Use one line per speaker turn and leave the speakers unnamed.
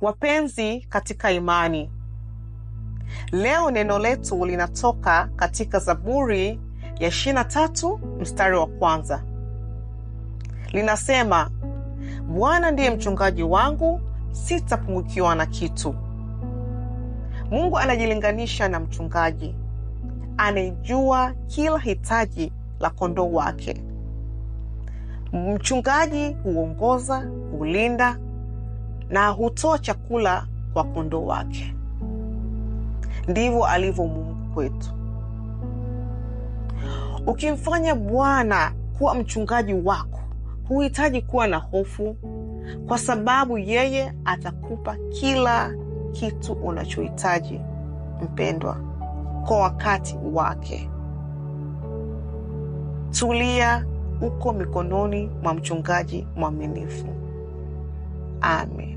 Wapenzi katika imani, leo neno letu linatoka katika Zaburi ya 23 mstari wa kwanza. Linasema, Bwana ndiye mchungaji wangu, sitapungukiwa na kitu. Mungu anajilinganisha na mchungaji anayejua kila hitaji la kondoo wake. Mchungaji huongoza, hulinda na hutoa chakula kwa kondoo wake. Ndivyo alivyo Mungu kwetu. Ukimfanya Bwana kuwa mchungaji wako, huhitaji kuwa na hofu, kwa sababu yeye atakupa kila kitu unachohitaji, mpendwa, kwa wakati wake. Tulia, uko mikononi mwa mchungaji mwaminifu. Amen.